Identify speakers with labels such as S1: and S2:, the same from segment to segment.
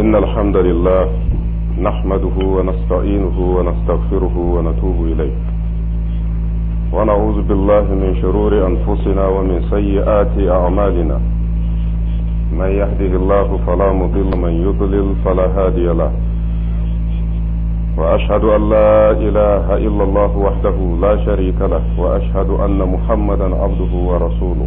S1: إن الحمد لله نحمده ونستعينه ونستغفره ونتوب إليه ونعوذ بالله من شرور أنفسنا ومن سيئات أعمالنا من يهده الله فلا مضل من يضلل فلا هادي له وأشهد أن لا إله إلا الله وحده لا شريك له وأشهد أن محمدا عبده ورسوله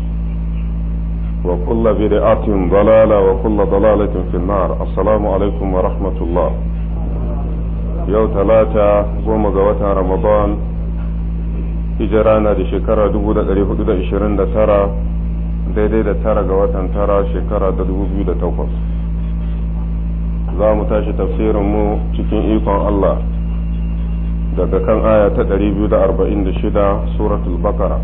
S1: وكل بدعة ضلالة وكل ضلالة في النار السلام عليكم ورحمة الله يوم ثلاثة قوم قوتها رمضان هجرانا دي شكرا دبو دا داري حدود عشرين دا ترى دي دي دا ترى قوتها ترى شكرا دا دبو بيو دا توقف za mu tashi tafsirinmu cikin ikon Allah daga kan aya ta 246 suratul bakara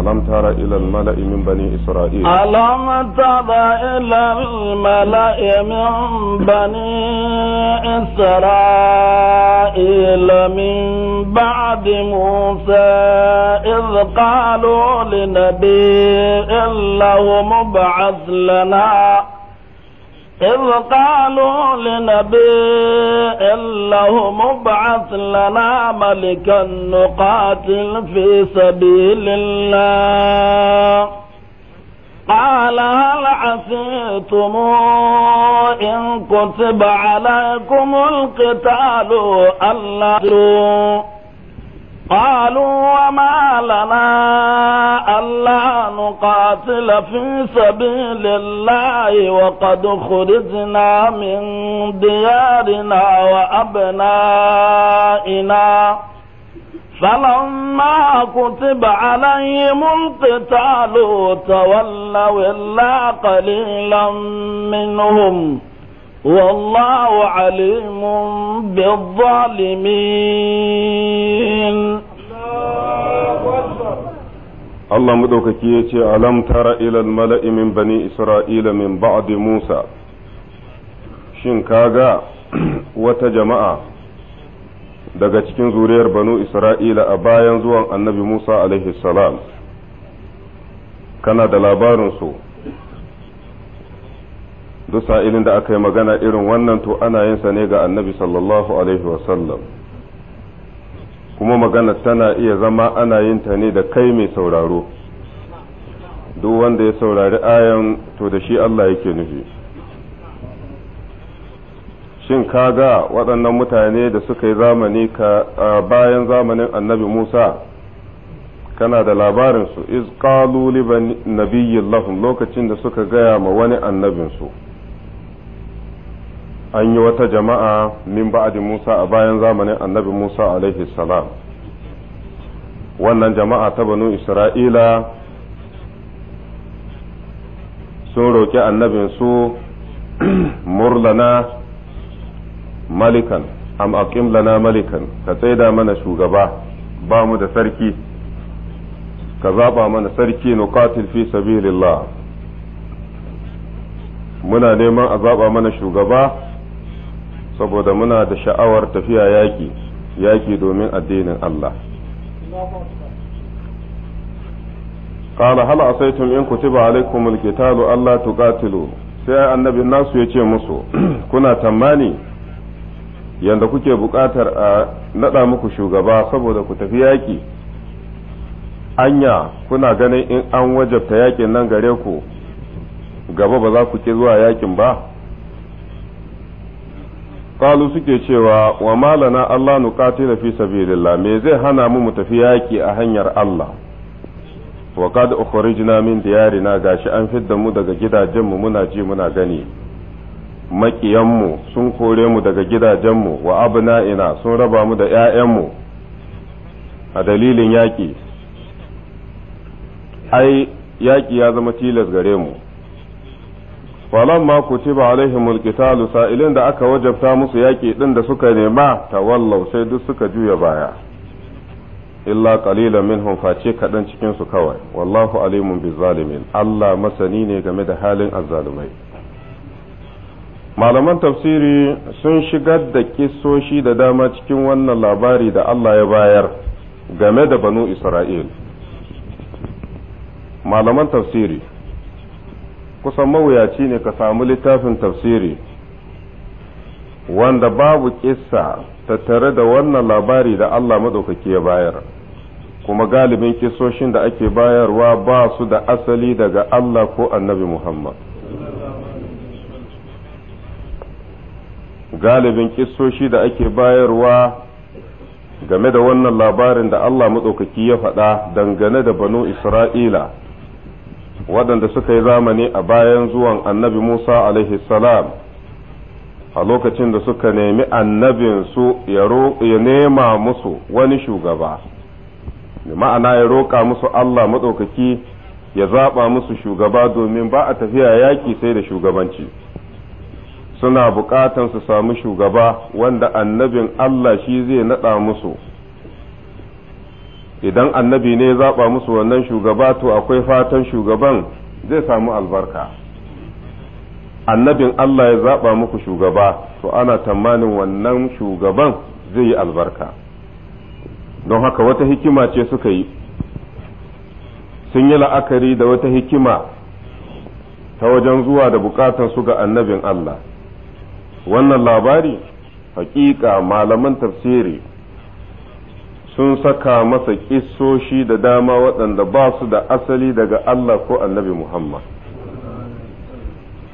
S1: ألم تر إلى الملأ من بني إسرائيل ألم
S2: تر إلى الملأ من بني إسرائيل من بعد موسى إذ قالوا لنبي له مبعث لنا إذ قالوا لنبي الله مبعث لنا ملكا نقاتل في سبيل الله قال هل عسيتم إن كتب عليكم القتال ألا قالوا وما لنا ألا نقاتل في سبيل الله وقد خرجنا من ديارنا وأبنائنا فلما كتب عليهم القتال تولوا إلا قليلا منهم والله عليم بالظالمين
S1: Allah madaukaki ya ce alam tara ilal mala'i min bani Isra'ila min ba'di Musa shin kaga wata jama'a daga cikin zuriyar banu Isra'ila a bayan zuwan annabi Musa alaihi salam kana da su. duk sa'ilin da aka yi magana irin wannan to ana yin sa ne ga annabi sallallahu alaihi sallam kuma magana tana iya zama ana yin ta ne da kai mai sauraro duk wanda ya saurari ayan to da shi Allah yake nufi shin ka ga waɗannan mutane da suka yi zamani ka bayan zamanin annabi Musa kana da labarinsu iz qalu li nabiyyin lahum lokacin da suka gaya ma wani annabinsu su an yi wata jama'a min ba'adi Musa a bayan zamanin annabi Musa alaihi salam wannan jama'a ta banu Isra'ila sun roƙi annabinsu murlana malikan am aqim malikan ka tsaida mana shugaba ba mu da sarki ka zaɓa mana sarki nuqatil fi sabilillah muna neman a zaɓa mana shugaba saboda muna da sha'awar tafiya yaƙi yaƙi domin addinin Allah قال هل in in كتب عليكم القتال allah تقاتلوا sai annabi nasu ya ce musu kuna tamani yanda kuke buƙatar a naɗa muku shugaba saboda ku tafi yaƙi anya kuna ganin in an wajabta yaƙin nan gare ku gaba ba za ku ke zuwa yaƙin ba qalu suke cewa wa malana Allah nuqatila fi sabilillah me zai hana mu mu tafi yaki a hanyar Allah wa qad ukhrijna min diyarina gashi an fidda mu daga gidajenmu muna ji muna gani maƙiyanmu sun kore mu daga gidajen mu wa ina sun raba mu da 'ya'yanmu a dalilin yaƙi ai yaƙi ya zama tilas gare mu ku kutiba alaihim alqitalu sa'ilin da aka wajabta musu yaki ɗin da suka nema tawallau sai duk suka juya baya illa qalilan minhum face kaɗan cikin su kawai wallahu alimun zalimin Allah masani ne game da halin azzalumai malaman tafsiri sun shigar da kissoshi da dama cikin wannan labari da Allah ya bayar game da banu Isra'il malaman tafsiri kusan mawuyaci ne ka samu littafin tafsiri wanda babu kissa tare da wannan labari da Allah maɗaukaki ya bayar kuma galibin kisoshin da ake bayarwa ba su da asali daga Allah ko annabi Muhammad galibin kisoshi da ake bayarwa game da wannan labarin da Allah maɗaukaki ya faɗa dangane da banu Isra'ila waɗanda suka yi zamani a bayan zuwan annabi Musa alaihi salam a lokacin da suka nemi annabinsu ya nema musu wani shugaba ma'ana ya roƙa musu Allah maɗaukaki ya zaɓa musu shugaba domin ba a tafiya yaƙi sai da shugabanci suna buƙatan su samu shugaba wanda annabin Allah shi zai naɗa musu idan annabi ne ya zaba musu wannan shugaba to akwai fatan shugaban zai samu albarka annabin Allah ya zaba muku shugaba to ana tamanin wannan shugaban zai yi albarka don haka wata hikima ce suka yi sun yi la'akari da wata hikima ta wajen zuwa da su ga annabin Allah wannan labari hakika malaman tafsiri sun saka masa kisoshi da dama waɗanda ba su da asali daga Allah ko annabi Muhammad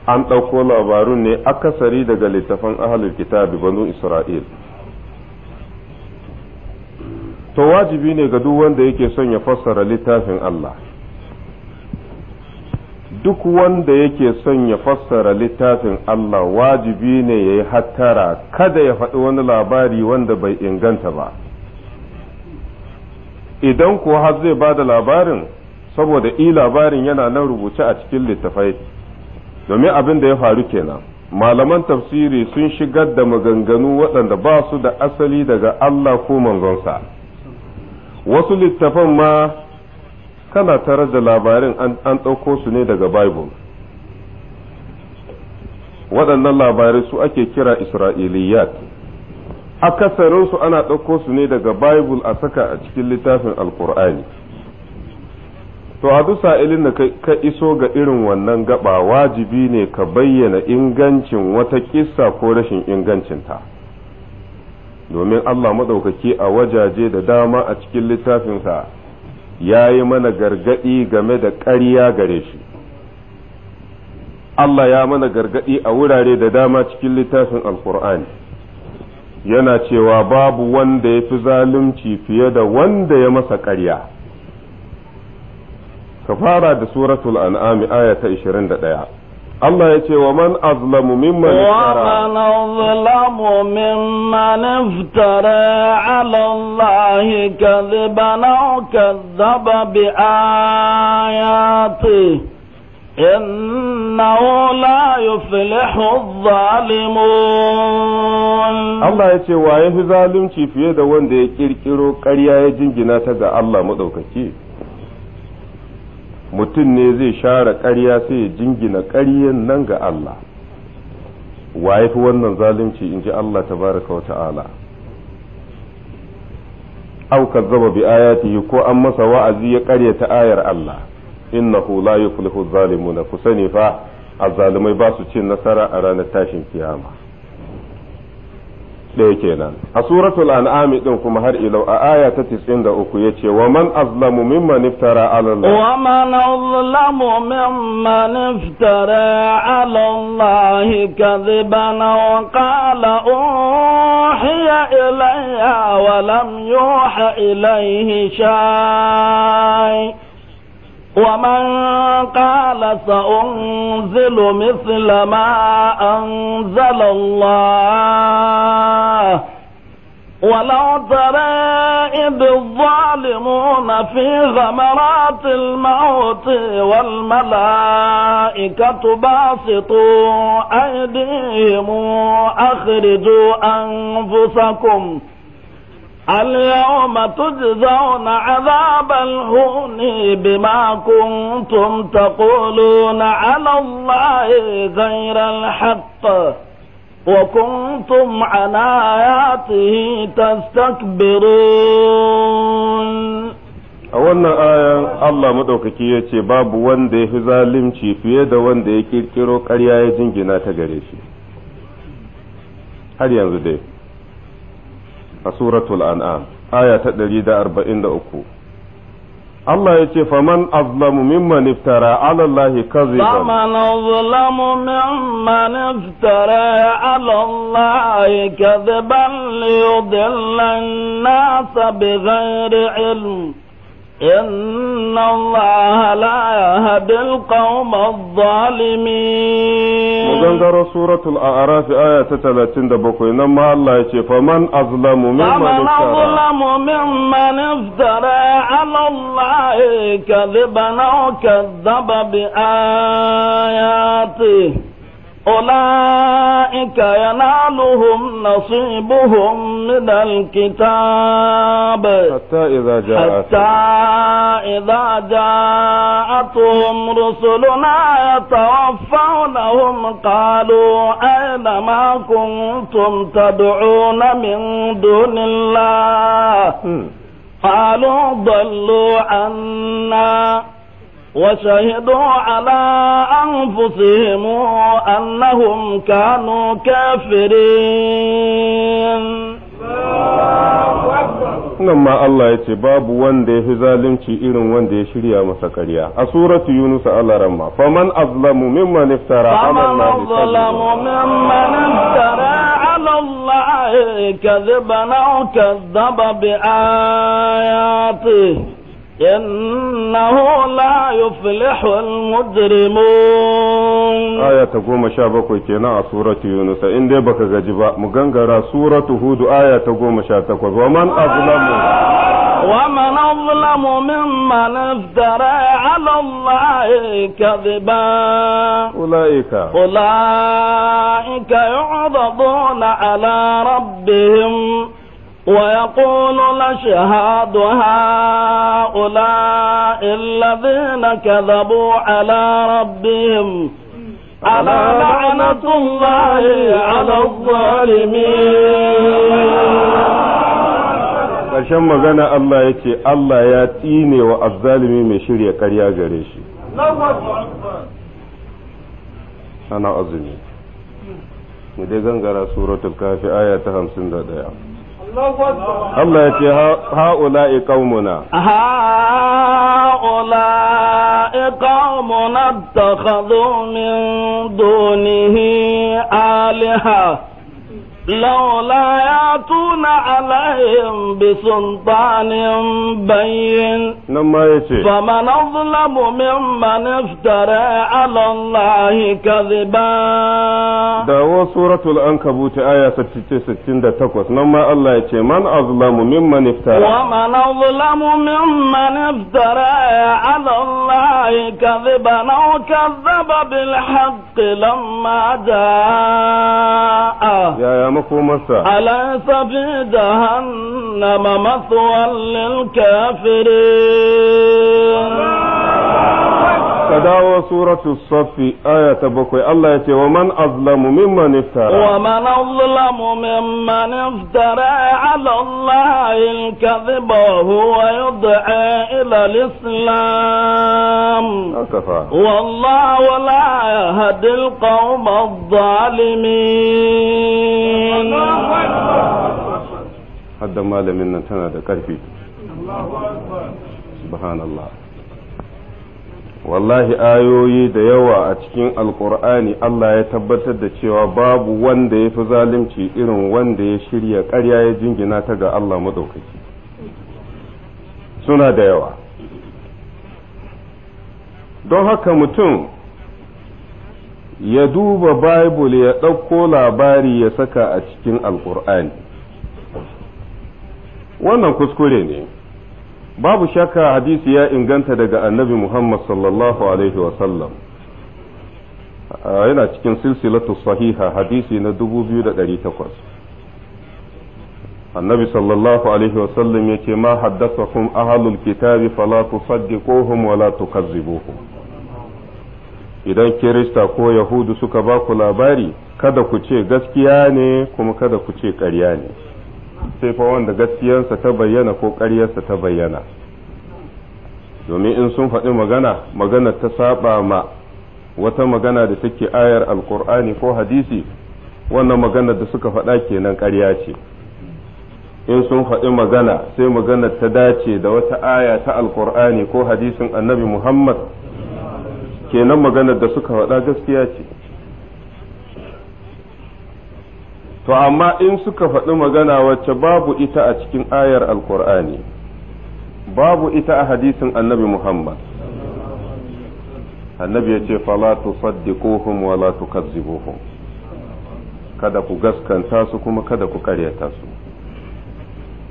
S1: an ɗauko labarun ne akasari daga littafan ahalin kitabi banu Isra'il to wajibi ne ga duk wanda yake son ya fassara littafin Allah duk wanda yake son ya fassara littafin Allah wajibi ne ya yi hattara kada ya faɗi wani labari wanda bai inganta ba. idan ko har zai ba da labarin saboda i labarin yana nan rubuce a cikin littafai domin abin da ya faru kenan malaman tafsiri sun shigar da maganganu waɗanda ba su da asali daga Allah ko manzonsa wasu littafan ma kana tarar da labarin an ɗauko su ne daga bible waɗannan labarai su ake kira isra'iliyat akasarinsu ana ɗauko su ne daga bible a saka a cikin littafin alkur'ani to a dusa ilin da ka iso ga irin wannan gaba wajibi ne ka bayyana ingancin wata kissa ko rashin ingancinta domin allah maɗaukaki a wajaje da dama a cikin littafinsa ya yi mana gargaɗi game da ƙarya gare shi allah ya mana gargaɗi a wurare da dama cikin littafin alkur'ani yana cewa babu wanda ya fi zalunci fiye da wanda ya masa ƙarya ka fara da suratul an'ami aya ta 21 Allah ya ce wa man azlamu mimman iftara
S2: wa man azlamu mimman iftara ala Allah kadhiban aw kadhaba bi ayatihi إنه لا يفلح الظالمون
S1: الله يتي وايه ظالم في يد ƙarya ya jingina يجنجنا ga الله مدوكاكي mutum ne zai share ƙarya sai ya jingina ƙaryen nan ga Allah wa fi wannan zalunci in ji Allah baraka wa ta'ala au kazzaba bi ayatihi ko an masa wa'azi ya ta ayar Allah innahu la yuflihu zalimuna ku sani fa azzalumai ba su cin nasara a ranar tashin kiyama ɗaya kenan a suratul an'ami din kuma har ilau a aya ta 93 yace wa man azlamu mimman iftara ala Allah wa
S2: man azlamu mimman iftara ala Allah kadhiban wa qala uhiya ilayya wa lam yuha ilayhi shay' ومن قال سأنزل مثل ما أنزل الله
S1: ولو
S2: ترى إذ الظالمون في غمرات الموت والملائكة باسطوا أيديهم أخرجوا أنفسكم ۖ اليوم تجزون عذاب الهون بما كنتم تقولون على الله غير الحق وكنتم عن آياته تستكبرون
S1: a wannan ayan Allah maɗaukaki ya ce babu wanda ya fi zalimci fiye da wanda ya kirkiro ƙarya ya jingina ta gare shi har yanzu dai a suratul an'am aya ta 143 Allah ya ce faman azlamu mimman iftara ala Allah kaziban faman
S2: azlamu mimman iftara ala Allah kaziban li yudilla an-nas bighayri ilm إن الله لا يهدي القوم الظالمين
S1: مغنغر سورة الأعراف آية 37 نما الله يشي فمن أظلم ممن فمن أظلم
S2: ممن افترى على الله كذبا أو كذب بآياته أولئك ينالهم نصيبهم من الكتاب حتى
S1: إذا جاءتهم حتى
S2: إذا جاءتهم رسلنا يتوفونهم قالوا أين ما كنتم تدعون من دون الله قالوا ضلوا عنا وشهدوا على أنفسهم أنهم كانوا كافرين
S1: nan ma Allah ya ce babu wanda ya fi zalunci irin wanda ya shirya masa ƙarya a suratu Yunus Allah ramma faman azlamu mimman iftara faman azlamu mimman iftara
S2: ala Allah kadhiban aw kadhaba bi ayatihi إنه لا يفلح
S1: المجرمون آية تقوم شابك كنا سورة يونس إن دي بك غجبا مغنغرا سورة هود آية تقوم شابك ومن أظلم
S2: ومن أظلم ممن افترى على الله كذبا أولئك أولئك يعرضون على ربهم ويقول الأشهاد هؤلاء الذين كذبوا على
S1: ربهم ألا
S2: لعنة الله على
S1: الظالمين ƙarshen magana Allah ya ce Allah ya tsine wa azzalimi mai shirya ƙarya gare shi ana azumi mu dai gangara suratul kafi aya ta hamsin da ɗaya Allah ya ce ha'ula'i qaumuna
S2: ha'ula'i qaumuna takhadhu min dunihi alaha لولا ياتون عليهم بسلطان بين فمن أظلم ممن افترى على الله كذبا
S1: دعوة سورة الأنكبوت آية 68 نما الله يتي من أظلم ممن افترى ومن
S2: أظلم ممن افترى على الله كذبا أو كذب بالحق لما جاء يا
S1: يا مكومسا
S2: في جهنم مثوى للكافرين
S1: تداوى سورة الصف آية بكوي الله يتي ومن أظلم ممن افترى ومن
S2: أظلم ممن افترى على الله الكذب وهو يدعى إلى الإسلام والله لا يهدي القوم الظالمين mu'minun
S1: hadda malamin nan tana da ƙarfi subhanallah wallahi ayoyi da yawa a cikin alkur'ani Allah ya tabbatar da cewa babu wanda ya fi zalunci irin wanda ya shirya ƙarya ya jingina ta ga Allah maɗaukaki suna da yawa don haka mutum ya duba bible ya ɗauko labari ya saka a cikin al'ƙur'ani wannan kuskure ne babu shakka hadisi ya inganta daga annabi muhammad sallallahu alaihi wasallam yana cikin silsilatu sahiha hadisi na 2800 annabi sallallahu alaihi wasallam ya ce ma haddasa ahlul kitabi fala tusaddiquhum wala tukazzibuhum idan kirista ko yahudu suka ba ku labari kada ku ce gaskiya ne kuma kada ku ce ƙarya ne sai fa wanda gaskiyarsa ta bayyana ko ƙaryarsa ta bayyana domin in sun faɗi magana magana ta saba ma wata magana da take ayar alkur'ani ko hadisi wannan magana da suka faɗa kenan ƙarya ce in sun faɗi magana sai magana ta dace da wata aya ta alkur'ani ko hadisin annabi muhammad kenan maganar da suka faɗa gaskiya ce to amma in suka faɗi magana wacce babu ita a cikin ayar alkur'ani babu ita a hadisin annabi muhammad annabi ya ce fala tusaddiquhum wala tukazzibuhum kada ku gaskanta su kuma kada ku karyata su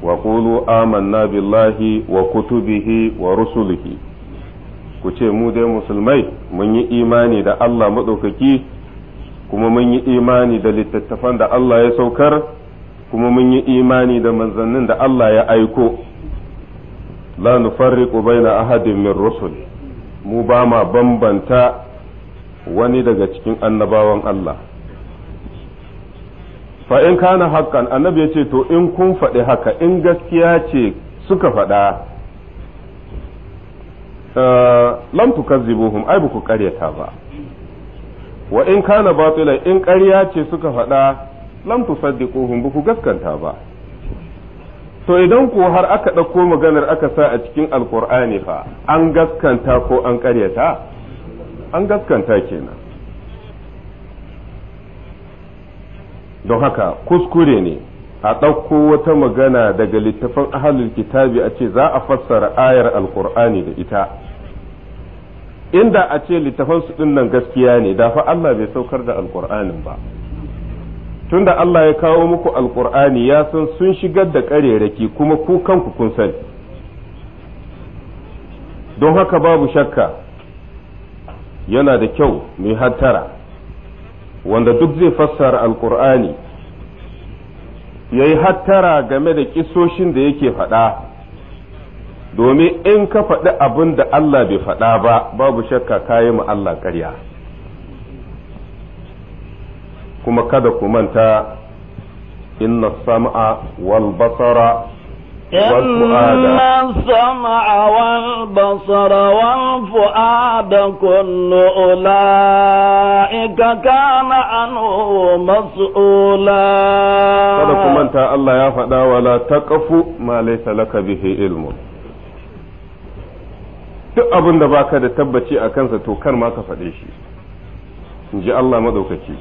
S1: wa qulu amanna billahi wa kutubihi wa rusulihi ku ce mu dai musulmai mun yi imani da Allah maɗaukaki kuma mun yi imani da littattafan da Allah ya saukar kuma mun yi imani da manzannin da Allah ya aiko la nufarriqu baina ahadin min rusul mu ba ma bambanta wani daga cikin annabawan Allah fa in kana haqqan annabi ya ce to in kun faɗi haka in gaskiya ce suka faɗa lam tukazzibuhum ai buku ku karyata ba wa in kana batila in ƙarya ce suka faɗa lam tusaddiquhum buku gaskanta ba to idan ko har aka ɗauko maganar aka sa a cikin alkur'ani fa an gaskanta ko an ƙaryata an gaskanta kenan don haka kuskure ne a ɗauko wata magana daga littafin ahalul kitabi a ce za a fassara ayar alkur'ani da ita inda a ce littafan su nan gaskiya ne da fa Allah bai saukar da alkur'anin ba tunda Allah ya kawo muku alkur'ani ya san sun shigar da ƙarerake kuma ku kanku kun sani don haka babu shakka yana da kyau mai hattara wanda duk zai fassara alkur'ani ya yi hattara game da kisoshin da yake faɗa domin in ka faɗi abin da Allah bai faɗa ba babu shakka ka yi mu Allah ƙarya kuma kada ku manta inna sam'a wal basara إن السمع
S2: والبصر والفؤاد كل أولئك كان عنه مسؤولا صدق من
S1: الله يا ولا تقف duk abin da baka da tabbaci a kansa to kar ma ka faɗe shi in ji Allah maɗaukaki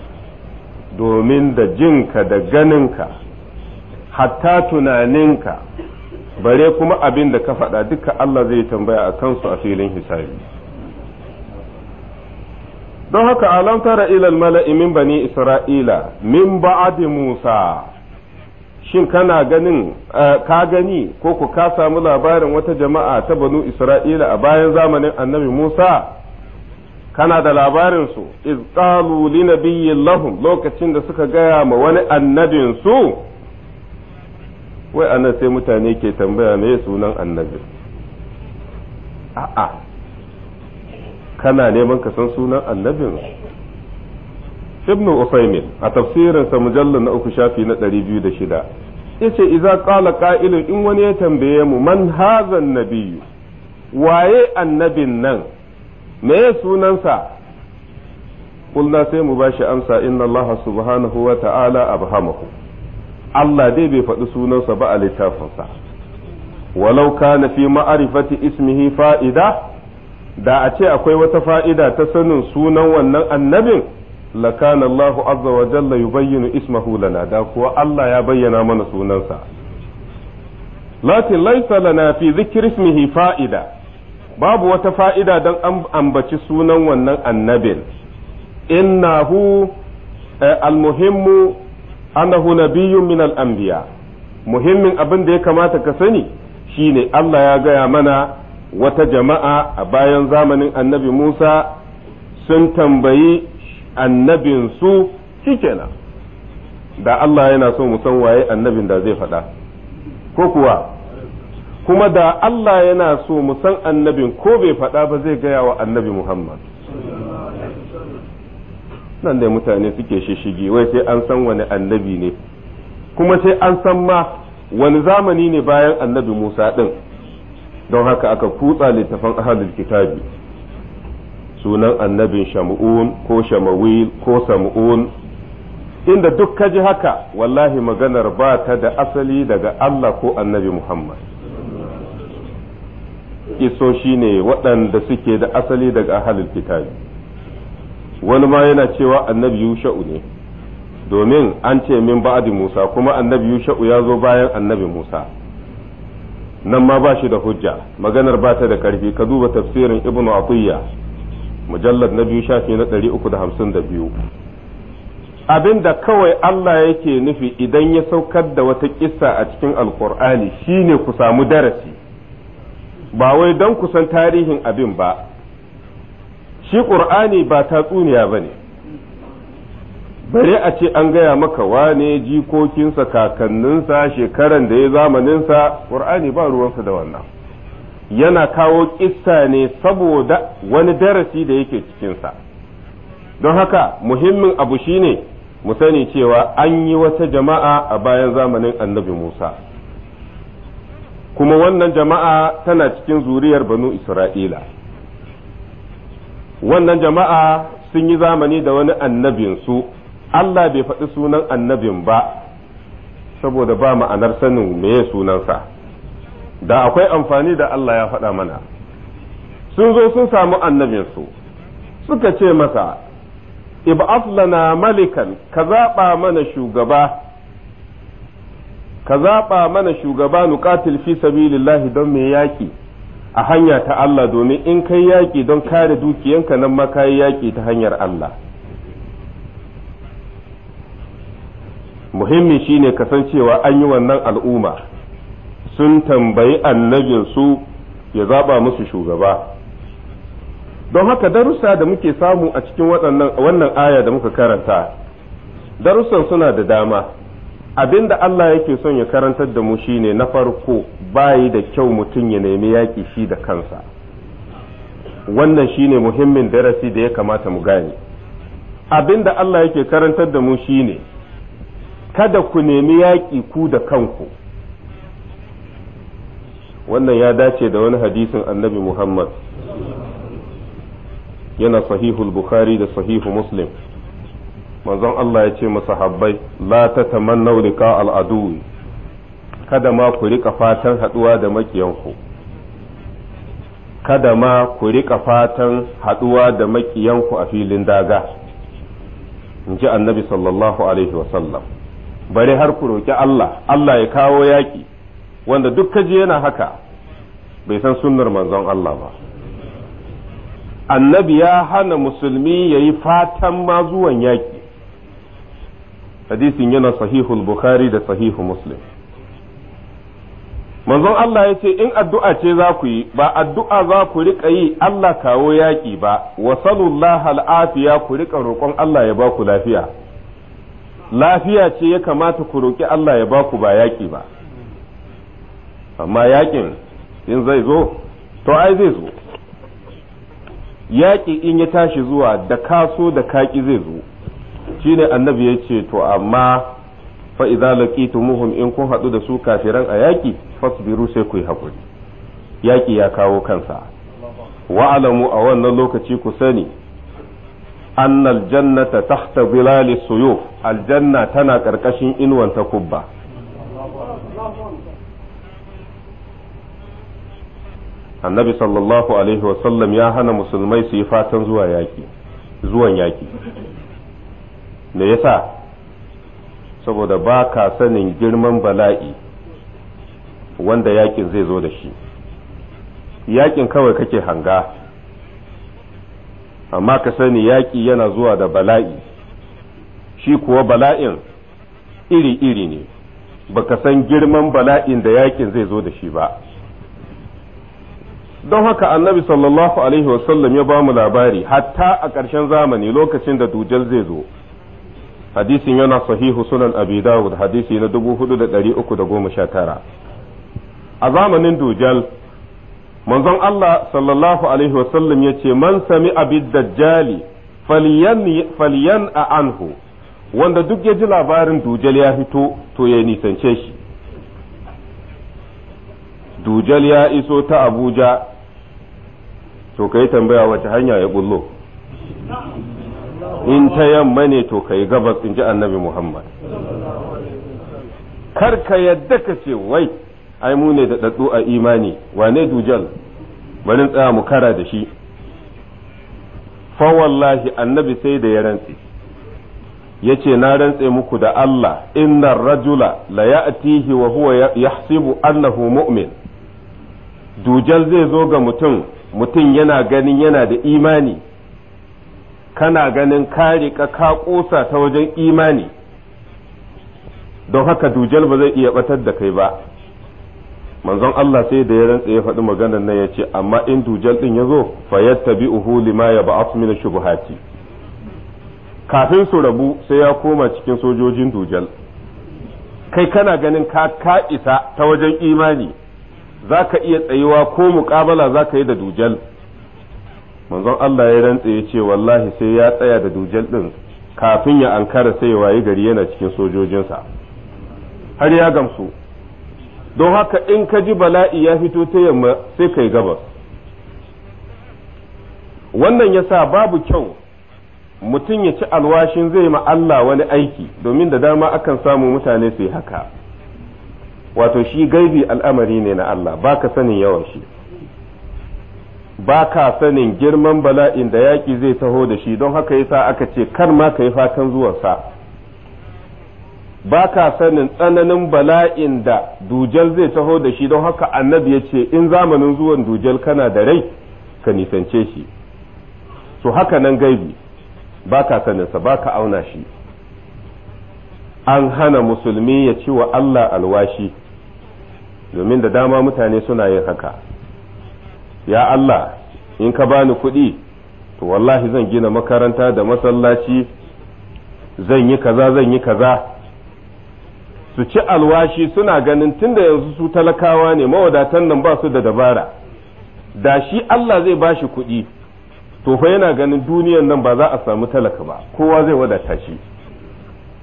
S1: domin da jinka da ganinka hatta tunaninka bare kuma abin da ka faɗa duka Allah zai tambaya a kansu a filin hisabi don haka alam tara ilal mala'imin bani isra'ila min ba'adi musa shin kana ganin ka gani ko ku ka samu labarin wata jama'a ta banu isra'ila a bayan zamanin annabi musa kana da labarin su iz li nabiyyin lokacin da suka gaya ma wani annabin su wai anan sai mutane ke tambaya me sunan annabi a'a kana neman ka san sunan annabin ibn Usaymin a tafsirinsa mujallar na uku shafi na ɗari biyu da shida yace idza qala qa'ilun in wani ya tambaye mu man hazan nabiyyu waye annabin nan me sunansa kulna sai mu bashi amsa inna Allah subhanahu wa ta'ala abhamahu Allah dai bai faɗi sunansa ba a littafinsa walauka kana fi ma'arifati ismihi fa'ida da a ce akwai wata fa'ida ta sanin sunan wannan annabin لكان الله عز وجل يبين اسمه لنا دا كوا الله يا بينا من سننسا لكن ليس لنا في ذكر اسمه فائدة باب وتفائدة دان أنبتش سنن ونن النبي إنه المهم أنه نبي من الأنبياء muhimmin abin da ya kamata ka sani shine Allah ya gaya mana wata jama'a a bayan zamanin annabi Musa sun tambayi annabin su shikenan da Allah yana so mu san waye annabin da zai faɗa ko kuwa kuma da Allah yana so mu san annabin ko bai faɗa ba zai gaya wa annabi Muhammad nan dai mutane suke shishigi wai sai an san wani annabi ne kuma sai an san ma wani zamani ne bayan annabi Musa ɗin don haka aka kutsa littafan ahalul kitabi sunan annabin shamu'un ko shamawil ko sam'un inda duk ka ji haka wallahi maganar ba ta da asali daga Allah ko annabi Muhammad iso shi ne waɗanda suke da asali daga halin kitabi wani ma yana cewa annabi yusha'u ne domin an ce min ba'adi Musa kuma annabi yusha'u ya zo bayan annabi Musa nan ma ba shi da hujja maganar ba ta da ƙarfi ka duba tafsirin ibnu atiyya mujallar na biyu shafi na ɗari uku da hamsin da biyu abin da kawai Allah yake nufi idan ya saukar da wata ƙisa a cikin alkur'ani shine ku samu darasi ba wai don ku san tarihin abin ba shi ƙur'ani ba tatsuniya ba ne bare a ce an gaya maka wane jikokinsa kakanninsa shekaran da ya zamaninsa ƙur'ani ba ruwansa da wannan yana kawo kissa ne saboda wani darasi da yake cikinsa don haka muhimmin abu shine mu sani cewa an yi wata jama'a a bayan zamanin annabi Musa kuma wannan jama'a tana cikin zuriyar banu Isra'ila wannan jama'a sun yi zamani da wani su Allah bai faɗi sunan annabin ba saboda ba ma'anar sanin meye sunansa da akwai amfani da Allah ya faɗa mana sun zo sun samu annabinsu suka ce masa ib'ath lana malikan ka zaɓa mana shugaba ka zaɓa mana shugaba nuqatil fi sabilillahi don mai yaƙi a hanya ta Allah domin in kai yaƙi don kare dukiyanka nan ma kai yaƙi ta hanyar Allah muhimmi shine kasancewa an yi wannan al'umma sun tambayi annabinsu ya zaba musu shugaba don haka darussa da muke samu a cikin wannan aya da muka karanta darussan suna da dama abinda Allah yake son ya karantar da mu shine na farko bayi da kyau mutum ya nemi yaƙi shi da kansa wannan shine muhimmin darasi da ya kamata mu gane abinda Allah yake karantar da mu shine kada ku nemi yaƙi ku da kanku wannan ya dace da wani hadisin annabi muhammad yana sahihul bukhari da sahihu muslim manzon Allah ya ce masahabbai la ta tamannau liqa al'adu kada ma ku rika fatan haduwa da makiyanku kada ma ku rika fatan haduwa da makiyanku a filin daga in ji annabi sallallahu alaihi wasallam bari har ku roki Allah Allah ya kawo yaki wanda duk kaji yana haka bai san sunnar manzon Allah ba annabi ya hana musulmi ya yi fatan ma zuwan yaƙi hadisin yana sahihul bukhari da sahihu muslim manzon Allah ya ce in addu'a ce za ku yi ba addu'a za ku riƙa yi Allah kawo yaƙi ba wa al'afiya ku riƙa roƙon Allah ya ba ku lafiya lafiya ce ya kamata ku roƙi Allah ya ba ku ba yaƙi ba amma yakin in zai zo to ai zai zo yaƙi in ya tashi zuwa da kaso da kaƙi zai zo shine annabi ya ce to amma fa idza laqitumuhum in kun haɗu da su kafiran a yaƙi fasbiru sai ku yi haƙuri yaƙi ya kawo kansa wa'alamu a wannan lokaci ku sani annal ta tahta bilali suyuf aljanna tana ƙarƙashin inuwan takubba annabi sallallahu alaihi wasallam ya hana musulmai su yi fatan zuwa yaki zuwan yaki me yasa saboda ba ka sanin girman bala'i wanda yaƙin zai zo da shi yaƙin kawai kake hanga amma ka sani yaƙi yana zuwa da bala'i shi kuwa bala'in iri-iri ne ba ka san girman bala'in da yaƙin zai zo da shi ba don haka annabi sallallahu alaihi wasallam ya ba mu labari hatta a ƙarshen zamani lokacin da dujal zai zo hadisin yana sahihu sunan abi dawud hadisi na 4319 a zamanin dujal manzon Allah sallallahu alaihi wasallam ya ce man sami abid dajjali falyan a anhu wanda duk ya ji labarin dujal ya fito to ya nisance shi dujal ya iso ta abuja to ka yi tambaya wace hanya ya bullo
S2: in ta yamma
S1: ne to ka yi gabas in ji annabi muhammad kar ka yadda ka ce wai ai mu ne da ɗaɗɗu a imani wane dujal bari tsaya mu kara da shi fa wallahi annabi sai da ya rantse yace na rantse muku da Allah innar rajula la ya'tihi wa huwa yahsibu annahu mu'min dujal zai zo ga mutum mutum yana ganin yana da imani kana ganin kare ka ka kosa ta wajen imani don haka dujal ba zai iya batar da kai ba manzon Allah sai da ya rantsa ya faɗi maganar nan ya ce amma in dujal din ya zo fa uhu lima ya ba'asu min shubuhati kafin su rabu sai ya koma cikin sojojin dujal kai kana ganin ka ka isa ta wajen imani za ka iya tsayuwa ko muƙabala za ka yi da dujal manzon Allah ya rantse ya ce wallahi sai ya tsaya da dujal ɗin kafin ya ankara sai ya wayi gari yana cikin sojojinsa har ya gamsu don haka in ka ji bala'i ya fito ta yamma sai ka yi gabas wannan ya sa babu kyau mutum ya ci alwashin zai ma Allah wani aiki domin da dama akan samu mutane su yi haka wato shi gaibi al'amari ne na Allah ba ka sanin yawan shi ba ka sanin girman bala'in da yaƙi zai taho da shi don haka yasa aka ce kar ma ka yi fatan zuwansa ba ka sanin tsananin bala'in da dujal zai taho da shi don haka annabi ya ce in zamanin zuwan dujal kana da rai ka nisance shi to haka nan gaibi ba ka saninsa ba ka auna shi an hana musulmi ya ci wa Allah alwashi domin da dama mutane suna yin haka ya Allah in ka bani kuɗi to wallahi zan gina makaranta da masallaci zan yi kaza zan yi kaza su ci alwashi suna ganin tunda yanzu su talakawa ne mawadatan nan ba su da dabara da shi Allah zai ba shi kuɗi to fa yana ganin duniyan nan ba za a samu talaka ba kowa zai wadata shi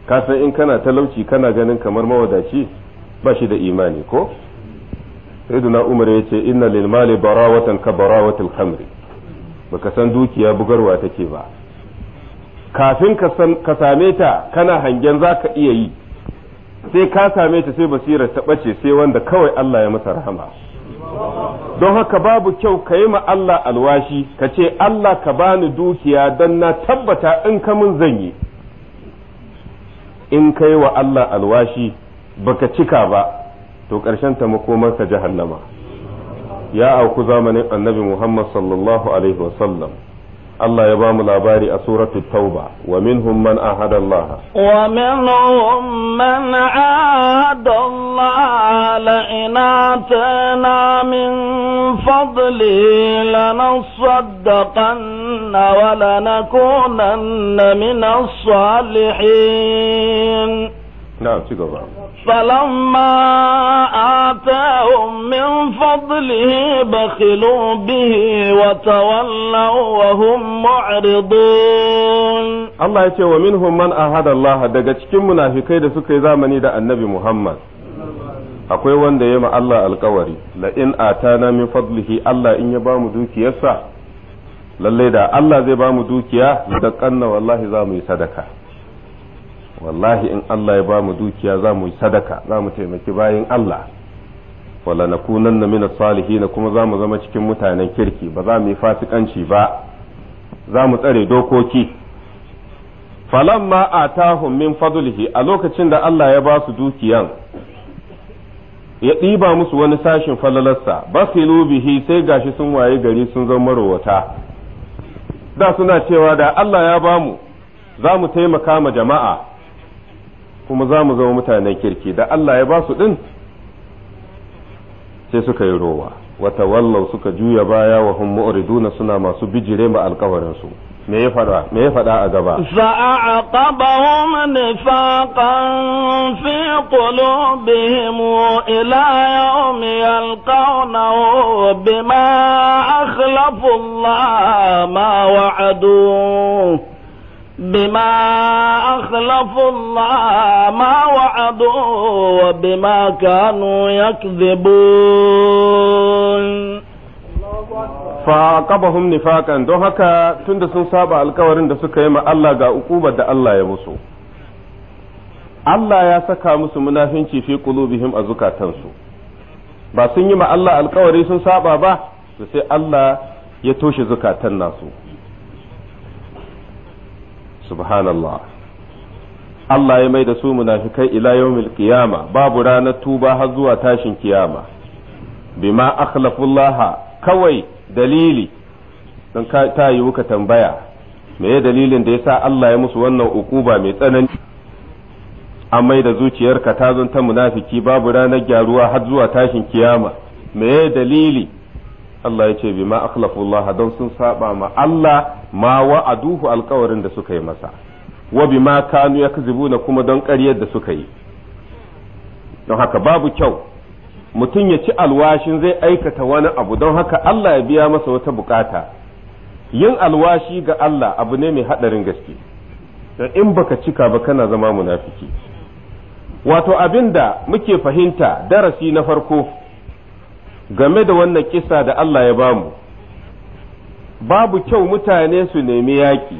S1: kasan in kana talauci kana ganin kamar mawadaci ba shi da imani ko sayyidina umar ya ce inna lil mali barawatan ka barawatil khamri baka san dukiya bugarwa take ba kafin ka same ta kana hangen zaka iya yi sai ka same ta sai basirar ta bace sai wanda kawai Allah ya masa rahama don haka babu kyau ka yi ma Allah alwashi ka ce Allah ka bani dukiya don na tabbata in ka mun zan yi in ka yi wa Allah alwashi baka cika ba to ƙarshen ta makomarsa jahannama ya auku zamanin annabi Muhammad sallallahu alaihi wasallam Allah ya bamu labari a suratu tauba wa minhum man ahada Allah
S2: wa minhum man ahada Allah la inatana min fadli lanasaddaqanna wa lanakunanna min as-salihin
S1: na ci gaba
S2: فلما آتاهم من فضله
S1: بخلوا به وتولوا وهم معرضون الله يتي ومنهم من أهد الله daga cikin munafukai da suka yi zamani da annabi Muhammad akwai wanda ya ma Allah alkawari la in atana min fadlihi Allah in ya bamu dukiyarsa lallai da Allah zai bamu dukiya da kanna wallahi za mu yi sadaka wallahi in Allah ya ba mu dukiya za mu yi sadaka za mu taimaki bayan Allah wala na kunan na mina na kuma za mu zama cikin mutanen kirki ba za mu yi fasikanci ba za mu tsare dokoki falamma atahum min fadlihi a lokacin da Allah ya ba su dukiyan ya ɗiba musu wani sashin falalarsa basilu bihi sai gashi sun waye gari sun zama marowata da suna cewa da Allah ya bamu za mu taimaka ma jama'a kuma za mu zama mutanen kirki da Allah ya ba su ɗin sai suka yi rowa wata wallau suka juya baya wa hum mu'riduna suna masu bijire ma alkawarinsu su me ya fada me ya fada a gaba
S2: fa'aqabahum nifaqan fi qulubihim ila yawm yalqawnahu bima akhlafu Allah ma wa'aduhu بما أخلفوا الله ما وعدوا
S1: وبما كانوا يكذبون فعاقبهم نفاقا don haka tunda sun saba alkawarin da suka yi ma Allah ga ukubar da Allah ya musu Allah ya saka musu munafinci fi qulubihim a zukatansu ba sun yi ma Allah alkawari sun saba ba to sai Allah ya toshe zukatan nasu subhanallah Allah ya mai da su munafikai ila yawmil qiyama babu ranar tuba har zuwa tashin kiyama bima akhlafullah kawai dalili don ta yi wuka tambaya me dalilin da yasa Allah ya musu wannan ukuba mai tsanani an mai da zuciyarka ta zonta munafiki babu ranar gyaruwa har zuwa tashin kiyama me dalili Allah ya ce bi ma akhlafullah don sun saba ma Allah ma wa'aduhu alkawarin da suka yi masa wa bi ma kanu yakzibuna kuma don ƙaryar da suka yi don haka babu kyau mutum ya ci alwashin zai aikata wani abu don haka Allah ya biya masa wata bukata yin alwashi ga Allah abu ne mai haɗarin gaske don in baka cika ba kana zama munafiki wato abinda muke fahimta darasi na farko game da wannan kisa da Allah ya bamu babu kyau mutane su nemi yaƙi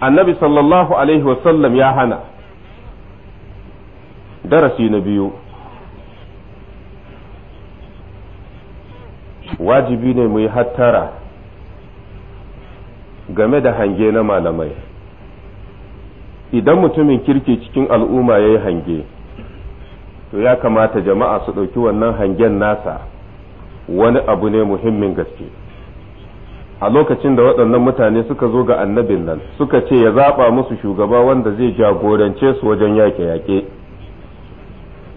S1: annabi sallallahu alaihi wasallam ya hana darasi na biyu wajibi ne mu yi hattara game da hange na malamai idan mutumin kirki cikin al'umma ya yi hange to ya kamata jama'a su ɗauki wannan hangen nasa wani abu ne muhimmin gaske a lokacin da waɗannan mutane suka zo ga annabin nan suka ce ya zaɓa musu shugaba wanda zai jagorance su wajen yaƙe-yaƙe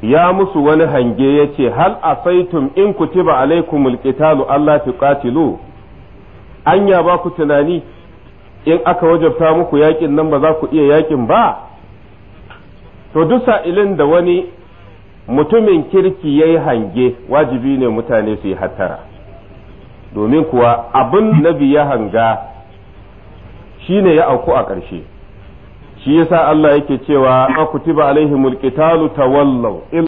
S1: ya musu wani hange ya ce hal saitum in kutiba alaikumul qitalu Allah fi an anya ba ku tunani in aka wajabta muku yaƙin nan ba za ku iya yaƙin ba to duk sa'ilin da wani mutumin kirki ya yi hange wajibi ne mutane su yi hattara domin kuwa abin nabi ya hanga shi ne ya auku a ƙarshe shi yasa Allah yake cewa a kutiba alaihimul qitalu tawallaw